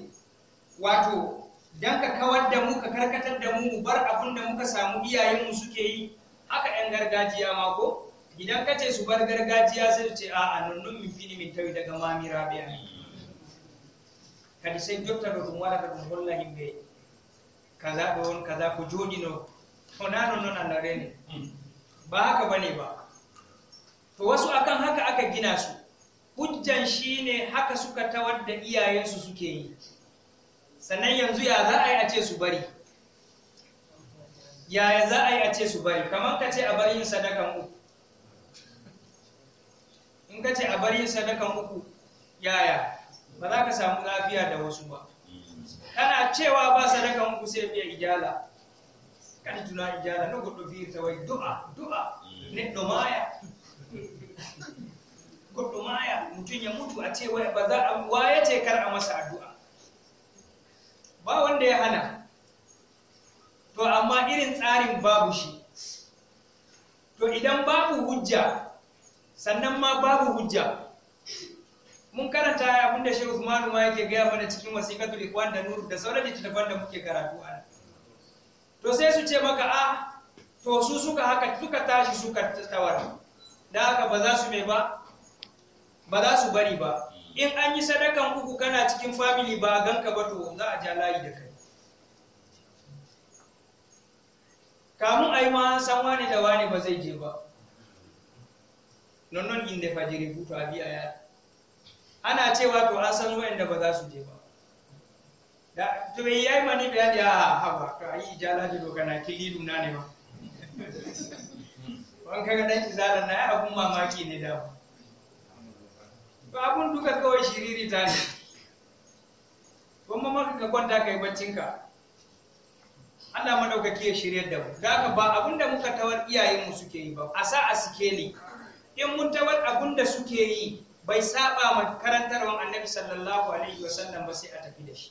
wato don ka kawar da mu ka karkatar da mu mu bar abin da muka samu iyayenmu suke yi haka 'yan gargajiya ma ko idan ka ce su bar gargajiya sai ce a a nunnun min fini min tawi daga mami rabia kadi sai da do ɗum waɗata ɗum holla himɓe kaza ɗo won kaza ko no to na non noon allah ne? ba haka bane ba to wasu akan haka aka gina su hujjan shine haka suka tawar da iyayensu suke yi sannan yanzu ya za a yi a ce su bari yaya za a yi a ce su bari kamar ka ce a bari yin sadakan uku in ka ce a bari yin sadakan uku yaya ba za ka samu lafiya da wasu ba kana cewa ba sadakan uku sai biya ijala kan tuna ijala na gudu fiye ta wai du'a du'a ne domaya gudu maya mutum ya mutu a ce wai ba za a waye ce kar a masa addu'a ba wanda ya hana to amma irin tsarin babu shi to idan babu hujja sannan ma babu hujja mun karanta abinda shi Usmanu ma yake gaya mana cikin wasiƙatul ikwan da nur da sauran littattafan da muke karatu a to sai su ce maka a ah, to su suka haka suka tashi suka tawar da haka ba za su mai ba ba za su bari ba in an yi sadakan uku kana cikin family ba a ganka ba to za a ja layi da kai kamun a yi ma san wani da wani ba zai je ba non in da fajiri hutu a biya ya ana cewa to an san da ba za su je ba da to yi yayi mani da ah, a haba to yi ijala da dokana kilidu na ne ba wan kaga dan izalan na abun mamaki ne da ba to abun duka kawai shiriri ta ne kuma maka ka kwanta kai baccinka Allah madaukaki ya shiryar da mu da ba abunda da muka tawar iyayenmu suke yi ba a sa a suke ne in mun tawar abunda da suke yi bai saba ma karantarwan annabi sallallahu alaihi wasallam ba sai a tafi da shi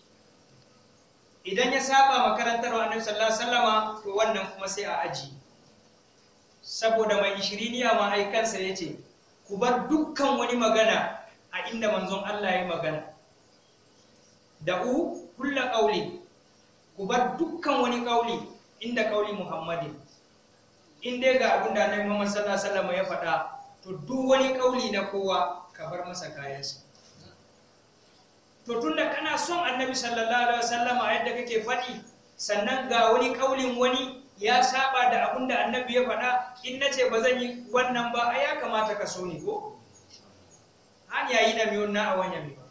idan ya saba ma karantarwan annabi sallallahu alaihi wasallama to wannan kuma sai a aji saboda mai shiriniya ma aikansa yace ku bar dukkan wani magana a inda manzon Allah ya magana Da u kulla kauli ku bar dukkan wani kauli inda ƙauli muhammadi in dai ga abin da annabi muhammad sallallahu alaihi wasallam ya faɗa to duk wani ƙauli na kowa ka bar masa kayansa to tunda kana son annabi sallallahu alaihi wasallam yadda kake faɗi sannan ga wani ƙaulin wani ya saba da abin da annabi ya faɗa in nace ba zan yi wannan ba a ya kamata ka so ni ko an yayi da na awan ba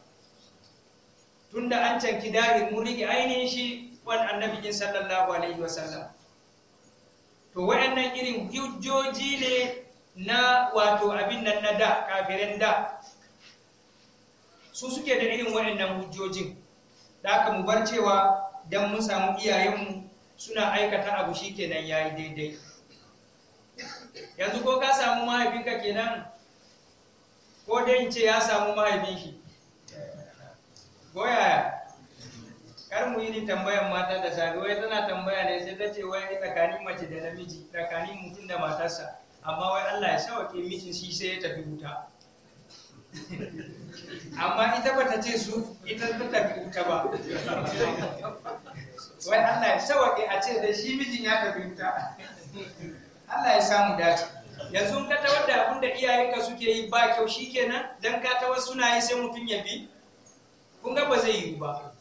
tunda an canki dahir mun rike ainihin shi wani annabi in sallallahu alaihi wasallam to waɗannan irin hujjoji ne na wato abin nan na da kafirin da su suke da irin waɗannan hujjojin da aka mu bar cewa dan mu samu iyayenmu suna aikata abu shikenan yayi daidai yanzu ko ka samu mahaifinka kenan ko dai in ce ya samu mahaifin shi ko yaya kar mu yi tambayan mata da safe wai tana tambaya ne sai ta ce wai tsakanin mace da namiji tsakanin mutum da matarsa amma wai Allah ya sauke mijin shi sai ya tafi wuta amma ita ba ta ce su ita ta tafi wuta ba wai Allah ya sauke a ce da shi mijin ya tafi wuta Allah ya samu dace yanzu ka tawar da abin da iyayenka suke yi ba kyau shikenan dan ka tawar suna yi sai mutum ya bi kun ga ba zai yi ba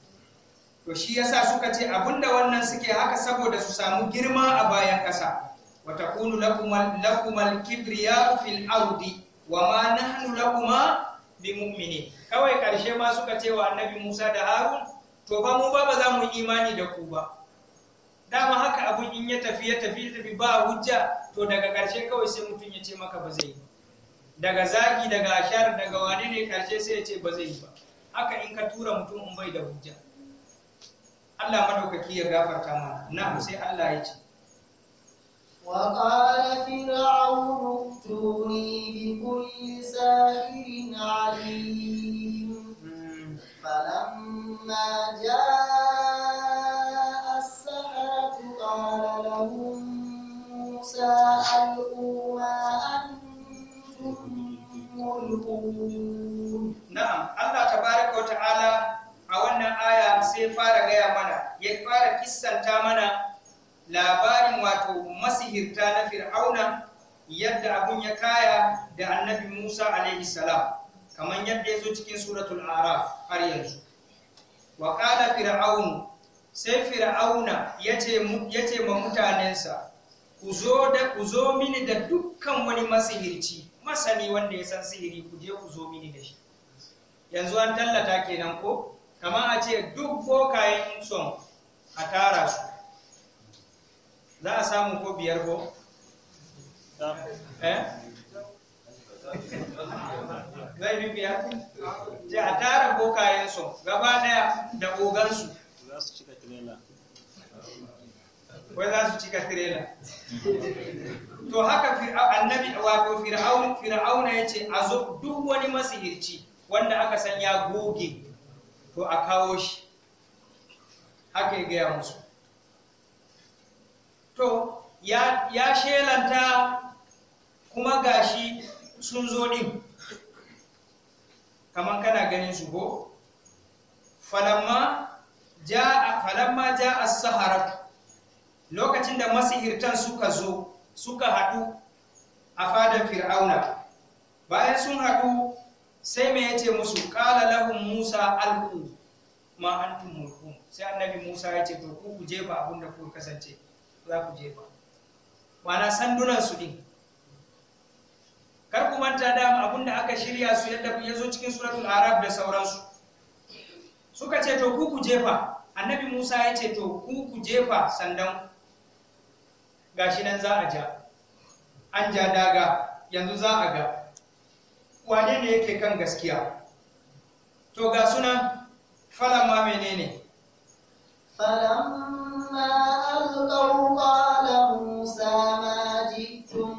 to shi yasa suka ce abinda wannan suke haka saboda su samu girma a bayan kasa. wa takunu al kibriya fil ardi wa ma nahnu lakuma bi mu'minin kawai karshe ma suka ce wa annabi Musa da Harun to ba mu ba ba za mu imani da ku ba dama haka abun in ya tafi ya tafi ya tafi ba hujja to daga ƙarshe kawai sai mutum ya ce maka ba zai yi daga zagi daga ashar daga wane ne ƙarshe sai ya ce ba zai yi ba haka in ka tura mutum in bai da hujja Allah madaukaki ya gafarta mana na sai Allah ya ce fir'aunu tuni bi kulli sahirin alim hmm. falamma jaa لهم موسى ألقوا ما أنتم ملقون نعم الله تبارك a wannan aya sai fara gaya mana ya fara kissanta mana labarin wato masihirta na fir'auna yadda abun ya kaya da annabi musa alaihi salam kamar yadda ya zo cikin suratul araf har yanzu wa fir'aunu sai fir'auna ya ce ma mutanensa ku zo mini da dukkan wani masihirci masani wanda ya san sihiri ku je ku zo mini da shi yanzu an tallata kenan ko kamar a ce duk bokayen son a tara su za a samu ko biyar ko? Eh? zai bi biya? je a tara bokayen son gaba daya da ogansu su cika wai za su cika tirela to haka annabi wato fir'auna ya ce a zo duk wani masihirci wanda aka san ya goge to a kawo shi haka ya gaya musu to ya, shelanta kuma gashi sun zo ɗin kamar kana ganin su ko falamma ja'a falamma ja'a as-sahara lokacin da masihirtan suka zo suka haɗu a fadan fir'auna bayan sun haɗu sai me yace musu qala lahum musa alqu ma antum mulkun sai annabi musa ya ce to ku kuje jefa abin da ku kasance za ku ba wala sandunan su din kar ku manta da abunda aka shirya su yadda ya zo cikin suratul arab da sauransu suka ce to ku kuje jefa annabi musa ya ce to ku ku jefa sandan gashi nan za a ja an ja daga yanzu za a ga wane ne yake kan gaskiya to ga sunan falamma menene falamma alqaw qala musa ma jitum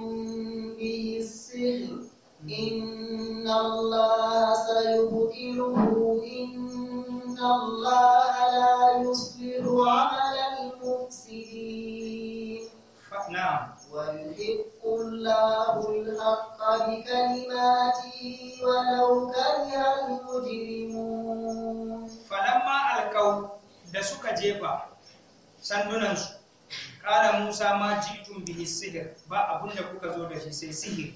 bi sihr inna Allah sayubtiluhu inna Allah. ويحق الله الحق بكلماته ولو كره المجرمون فلما ألقوا da suka jefa sandunansu ƙara musa ma jitun bihi sihir ba abun da kuka zo da shi sai sihir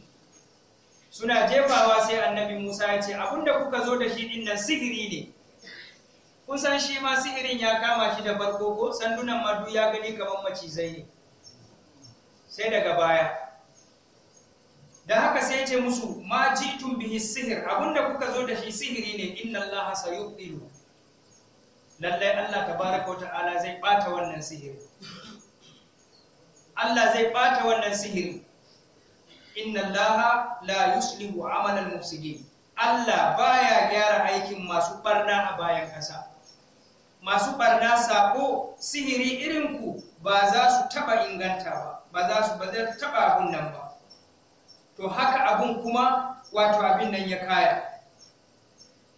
suna jefawa sai annabi musa ya ce abun da kuka zo da shi dinnan sihiri ne kun san shi ma sihirin ya kama shi da farko ko sandunan madu ya gani kamar macizai ne sai daga baya da haka sai ce musu ma jitum bihi sihir abinda kuka zo da shi sihiri ne inna allaha sayubdilu lallai allah tabaraka wa ta'ala zai bata wannan sihiri allah zai bata wannan sihiri inna allaha la yuslihu amala al-mufsidin allah baya gyara aikin masu barna a bayan kasa masu barna sako sihiri irin ku ba za su taba inganta ba ba za su ba zai taɓa abun nan ba to haka abun kuma wato abin nan ya kaya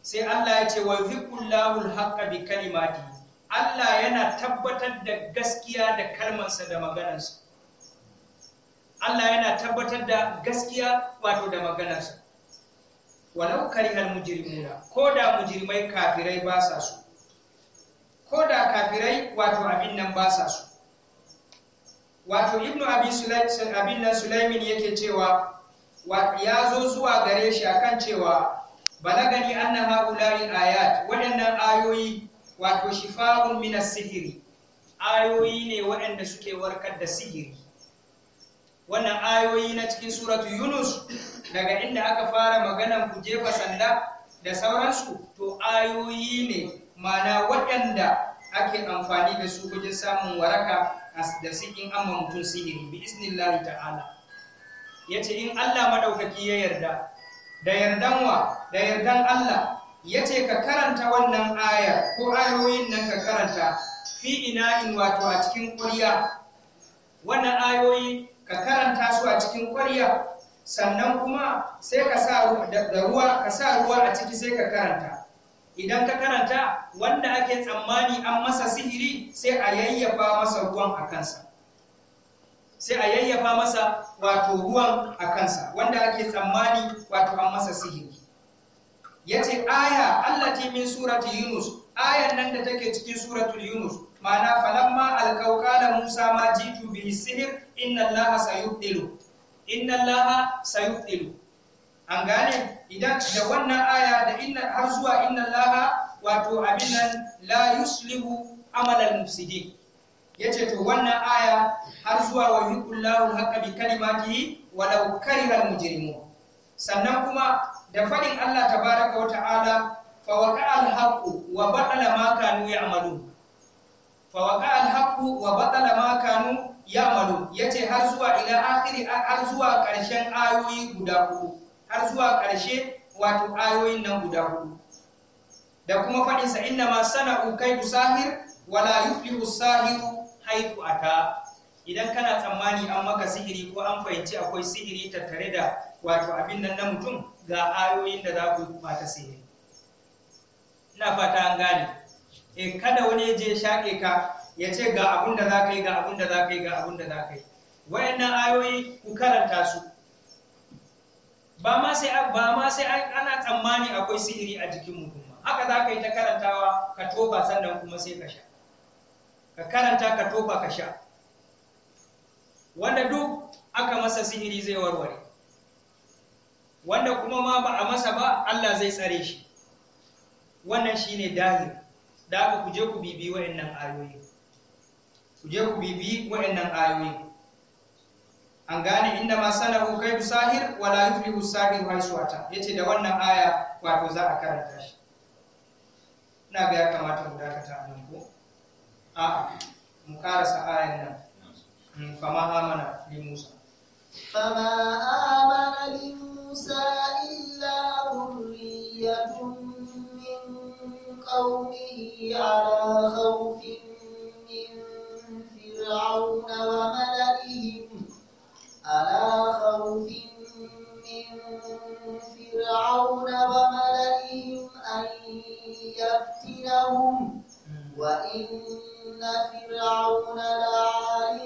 sai Allah ya ce wa zikullahu bi kalimati Allah yana tabbatar da gaskiya da kalmansa da maganarsa Allah yana tabbatar da gaskiya wato da maganarsa walau karihal mujrimuna ko da mujrimai kafirai ba sa su ko da kafirai wato abin nan ba sa su wato ibnu abi abin nan sulaimin yake cewa ya zo zuwa gare shi akan cewa balagani anna haulari ayat waɗannan ayoyi wato shifa'un min sihiri ayoyi ne waɗanda suke warkar da sihiri wannan ayoyi na cikin suratu yunus daga inda aka fara maganan ku jefa sanda da sauransu to ayoyi ne mana waɗanda ake amfani da su wajen samun waraka da sikin amma mutum sihiri bi isnillahi ta'ala yace in Allah madaukaki ya yarda da yardan wa da yardan Allah yace ka karanta wannan aya ko ayoyin nan ka karanta fi ina'in wato a cikin ƙwarya wannan ayoyi ka karanta su a cikin ƙwarya sannan kuma sai ka sa da ruwa ka sa ruwa a ciki sai ka karanta idan ka karanta wanda ake tsammani an masa sihiri sai a yayyafa masa ruwan a kansa sai a yayyafa masa wato ruwan a kansa wanda ake tsammani wato an masa sihiri ya ce aya allati min surati yunus ayan nan da take cikin suratul yunus ma'ana falamma da musa ma jitu bihi sihir inna allaha sayubdilu inna an gane idan da wannan aya da inna har zuwa inna laha wato abin nan la yuslihu amalan mufsidin yace to wannan aya har zuwa wa yuqullahu haqqa bi kalimatihi walau karihal mujrimun sannan kuma da fadin Allah tabaraka wa ta'ala fa waqa'al haqqu wa batala ma kanu ya'malun fa waqa'al haqqu wa batala ma kanu ya'malun yace har zuwa ila akhiri har zuwa karshen ayoyi guda uku har zuwa ƙarshe wato ayoyin nan guda hudu da kuma faɗin sa inna ma sana'u du sahir wala yuflihu sahiru haitu ata idan kana tsammani an maka sihiri ko an fahimci akwai sihiri tattare da wato abin nan na mutum ga ayoyin da za ku mata sihiri ina fata an gane e kada wani je shaƙe ka ya ce ga abin da za ka yi ga abin da za ka yi ga abin da za ka yi wayannan ayoyi ku karanta su ba ma sai ba ma sai ana tsammani akwai sihiri a jikin mutum haka za ka yi ta karantawa ka toba, sannan kuma sai ka sha ka karanta ka toba, ka sha wanda duk aka masa sihiri zai warware wanda kuma ma ba a masa ba Allah zai tsare shi wannan shine dahir da aka kuje ku bibi wa'annan ayoyi ku je ku bibi wa'annan ayoyi an gane inda masalahu kai sahir wala yuflihu sahir haisu ata yace da wannan aya wato za a karanta shi ina ga ya kamata mu dakata nan ko a mu karasa ayan nan hmm, fama amana li musa fama amana li musa illa dhurriyatun min qaumihi ala khawfin min fir'auna wa mala'ihim على خوف من فرعون وملئهم أن يفتنهم وإن فرعون لعال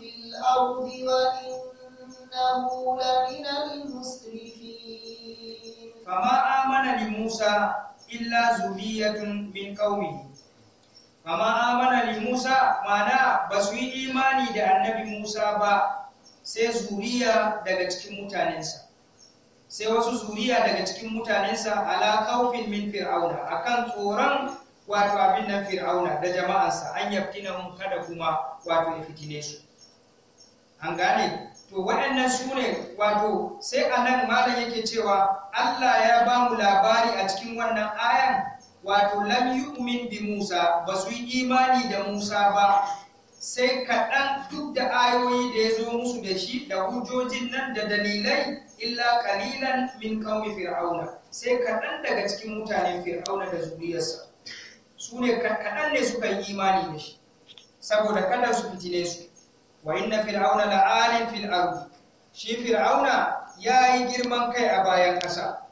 في الأرض وإنه لمن المسرفين فما آمن لموسى إلا زرية من قومه فما آمن لموسى معناه بس إيماني ده النبي موسى بقى sai zuriya daga cikin mutanensa sai wasu zuriya daga cikin mutanensa ala kaufin min fir'auna akan tsoron wato abin nan fir'auna da jama'ansa an na mun kada kuma wato ya fitine su an gane to waɗannan su ne wato sai a nan malam yake cewa Allah ya ba mu labari a cikin wannan ayan wato lam yu'min bi Musa ba su yi imani da Musa ba sai kaɗan duk da ayoyi da ya zo musu da shi da hujjojin nan da dalilai illa kalilan min kaumi fir'auna sai kaɗan daga cikin mutanen fir'auna da zuriyarsa su ne kaɗan ne suka yi imani da shi saboda kada su fitine su wa inna fir'auna la'alin fil ardi shi fir'auna ya yi girman kai a bayan ƙasa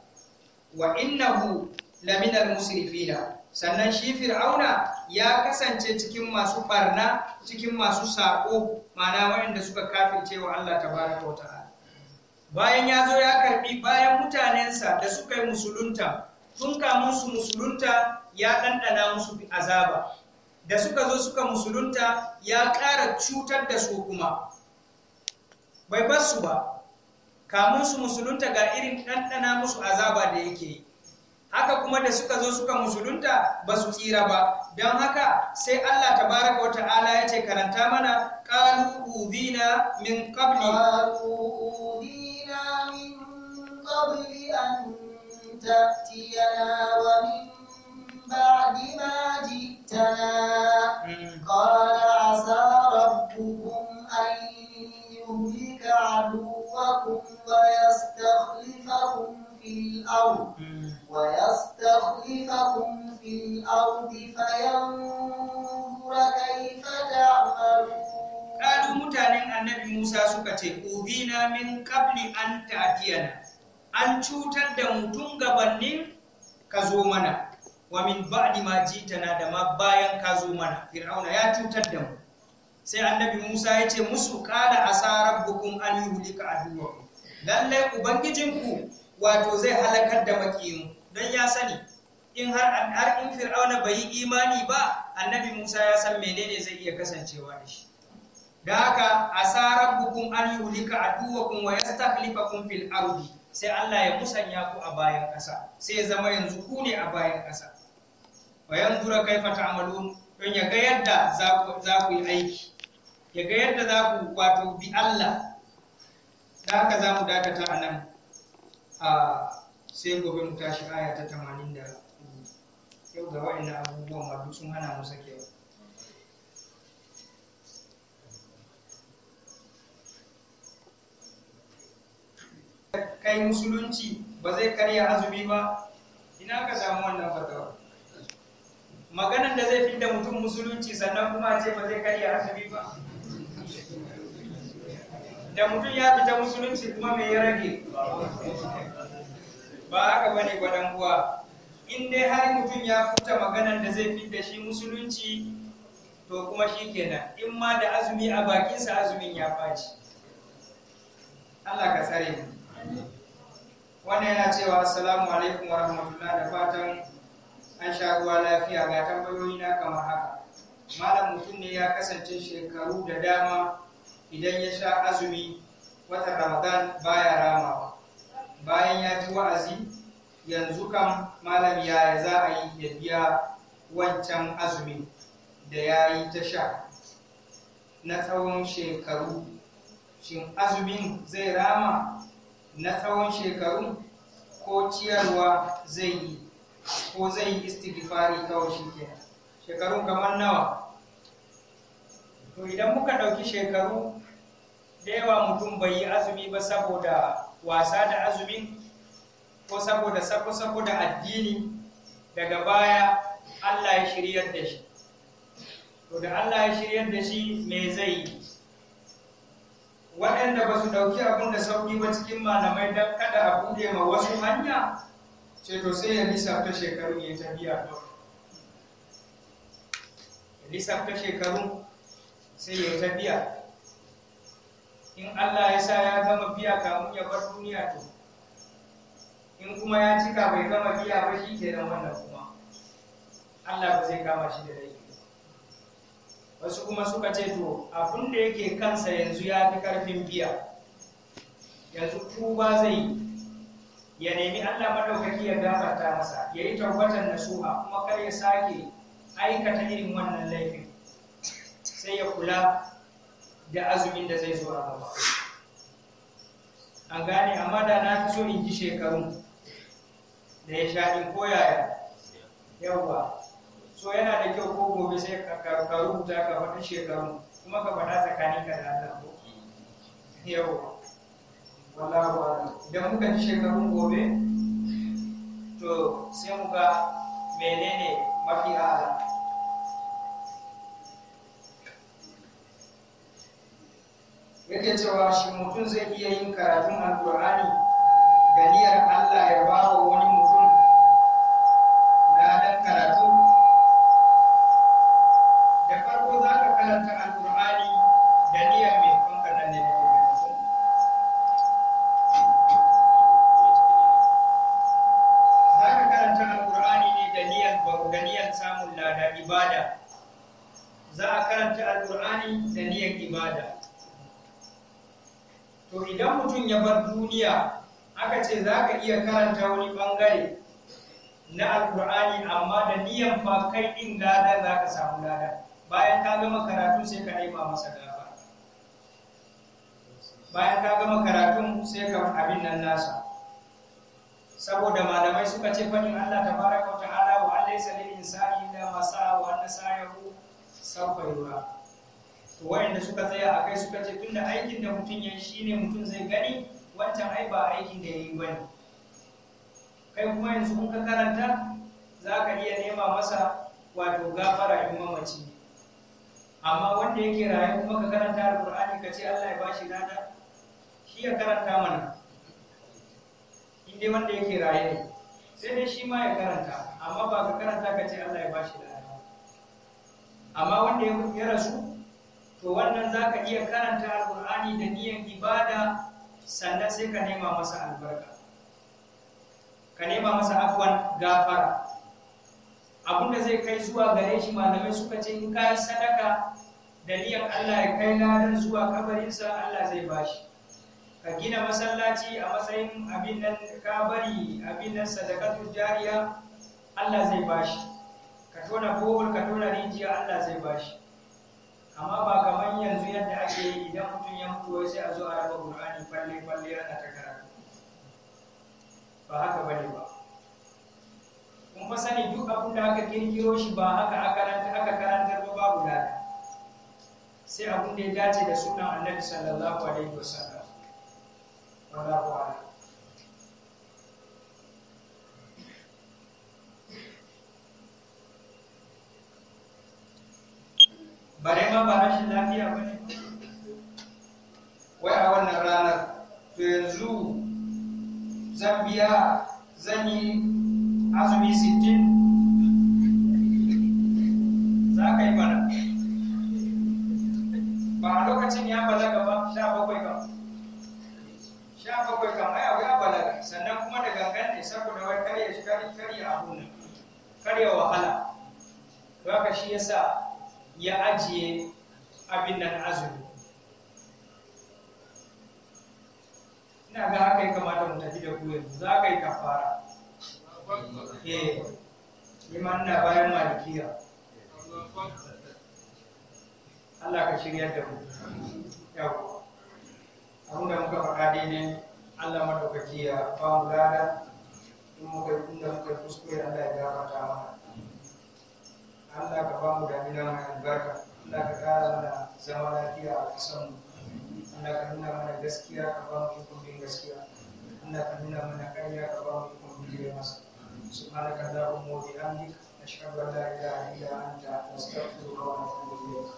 wa innahu laminal musrifina sannan shi fir'auna ya kasance cikin masu barna cikin masu saƙo mana waɗanda suka kafirce wa Allah tabaraka wa ta'ala bayan ya zo ya karbi bayan mutanensa da suka yi musulunta tun kamun su musulunta ya dandana musu azaba da suka zo suka musulunta ya ƙara cutar da su kuma bai basu ba kamun su musulunta ga irin ɗanɗana musu azaba da yake yi haka kuma da suka zo suka musulunta ba su tsira ba don haka sai Allah tabaraka wa ta'ala ya ce karanta mana qalu udina min qabli qalu udina min qabli an ta'tiyana wa min ba'di ma ji'tana hmm. qala asa rabbukum an yuhlika aduwakum wa yastakhlifakum في mutanen Annabi Musa suka ce, كيف تعملون قالوا متانين النبي an cutar da mutum gabanin ka zo mana wa min ba'di ma jitana da ma bayan ka zo mana fir'auna ya cutar da mu sai annabi Musa ya ce musu qala asa rabbukum an yuhlika aduwwakum lallai ubangijinku wato zai halakar da makiyin don ya sani in har har in fir'auna bai yi imani ba annabi Musa ya san menene zai iya kasancewa da shi da haka asarabbukum an yulika aduwakum wa yastakhlifakum fil ardi sai Allah ya musanya ku a bayan ƙasa sai zama yanzu ku ne a bayan ƙasa wa yanzura kaifa ta'malun don ya ga yadda za ku yi aiki ya ga yadda za ku wato bi Allah da haka za mu dakata a nan sai gobe mu tashi aya ta tamanin da yau ga wa'in abubuwan ma duk sun hana mu sakewa kai musulunci ba zai karya azumi ba ina ka samu wannan fatawa maganan da zai fi da mutum musulunci sannan kuma ce ba zai karya azumi ba da mutum ya fita musulunci kuma mai rage ba haka bane gwadon buwa in dai har mutum ya fita maganar da zai fi da shi musulunci to kuma shi kenan in ma da azumi a bakinsa azumin ya faci Allah ka tsare mu wannan yana cewa assalamu alaikum wa rahmatullah da fatan an sha ruwa lafiya ga tambayoyi na kamar haka malam mutum ne ya kasance shekaru da dama idan ya sha azumi wata ramadan baya ramawa bayan ya ci wa'azi yanzu kan malam yaya za a yi ya biya wancan azumi da ya yi ta sha na tsawon shekaru shin azumin zai rama na tsawon shekaru ko ciyarwa zai yi ko zai yi istighfari kawai shi kenan shekarun kamar nawa to idan muka ɗauki shekaru da mutum bai yi azumi ba saboda wasa da azumin ko saboda sako saboda addini daga baya Allah ya shiryar da shi to da Allah ya shiryar da shi me zai yi waɗanda ba su ɗauki abin da sauƙi ba cikin malamai don kada a buɗe ma wasu hanya ce to sai ya lissafta shekaru ya tafiya ba. ya lissafta shekaru sai ya tafiya in Allah ya sa ya gama biya kamun ya bar duniya to in kuma ya cika bai gama biya ba shi ke nan wannan kuma Allah ba zai kama shi da laifi wasu kuma suka ce to abin da yake kansa yanzu ya fi karfin biya yanzu tuba zai ya nemi Allah madaukaki ya gafarta masa ya yi nasuha kuma kar ya sake aikata irin wannan laifin sai ya kula da azumin da zai zo a gaba an gane amma da na fi so in ji shekarun da ya sha in koyaya yawwa so yana da kyau ko gobe sai ka ta ka faɗi shekaru kuma ka faɗa tsakanin ka da Allah ko yawwa wallahu idan muka ji shekarun gobe to sai muka menene mafi a'ala yake cewa shi mutum zai iya yin karatun alkur'ani da niyyar allah ya ba wa wani mutum na dan karatu da farko za ka karanta alkur'ani da niyyar mai kwanka nan ne da za ka karanta alkur'ani ne da niyyar da niyyar samun lada ibada za a karanta alkur'ani da niyyar ibada to idan mutum ya bar duniya aka ce za ka iya karanta wani bangare na alkur'ani amma da niyan fa kai din lada za ka samu lada bayan ka gama karatu sai ka nema masa gafa bayan ka gama karatun sai ka abin nan nasa saboda malamai suka ce fadin Allah Ta wa ta'ala wa alaysa lil insani illa masa wa anna sa'ahu to wayanda suka tsaya a kai suka ce tunda aikin da mutum ya shi ne mutum zai gani wancan ai ba aikin da ya yi bane kai kuma yanzu kun ka karanta za ka iya nema masa wato gafara in mamaci amma wanda yake raye kuma ka karanta alqur'ani ka ce Allah ya bashi rana shi ya karanta mana in dai wanda yake raye ne sai dai shi ma ya karanta amma ba ka karanta ka ce Allah ya bashi rana amma wanda ya rasu to wannan za ka iya karanta alkur'ani da niyan ibada sannan sai ka nema masa albarka ka nema masa afwan gafara abinda zai kai zuwa gare shi malamai suka ce in ka sadaka da niyan Allah ya kai ladan zuwa kabarinsa Allah zai bashi ka gina masallaci a matsayin abin nan ka bari abin nan sadakatu jariya Allah zai bashi ka tona bohol ka tona rijiya Allah zai bashi amma ba kamar yanzu yadda ake yi idan mutum ya mutu wai sai a zo a raba qur'ani falle falle ana ta karatu ba haka bane ba kun fa sani duk abin da aka kirkiro shi ba haka aka karanta ba ba guda sai abin da ya dace da sunan annabi sallallahu alaihi wasallam wallahu a'lam bare ma ba rashin lafiya ba ne wai a wannan ranar to yanzu zan biya zan yi azumi sittin za ka yi mana ba a lokacin ya balaga ba sha bakwai kan sha bakwai kan ai abu ya balaga sannan kuma da gangan ne saboda wai karya shi karya abu nan karya wahala to haka shi yasa ya ajiye abin da na azumi ina ga haka ya kamata mu tafi da ku yanzu za ka yi kafara eh liman na bayan malikiya Allah ka shirya da mu yau abin da muka faɗa daidai Allah madaukaki ya ba mu gada in muka inda muka kuskure Allah ya gafarta mana Allah ka ba da damina mai albarka Allah ka kara mana zama lafiya a kasan mu Allah ka nuna mana gaskiya ka ba ikon bin gaskiya Allah ka nuna mana ƙarya ka ba mu ikon bin masa subhanaka allahumma wa bihamdika ashhadu an la ilaha illa anta astaghfiruka wa atubu ilayk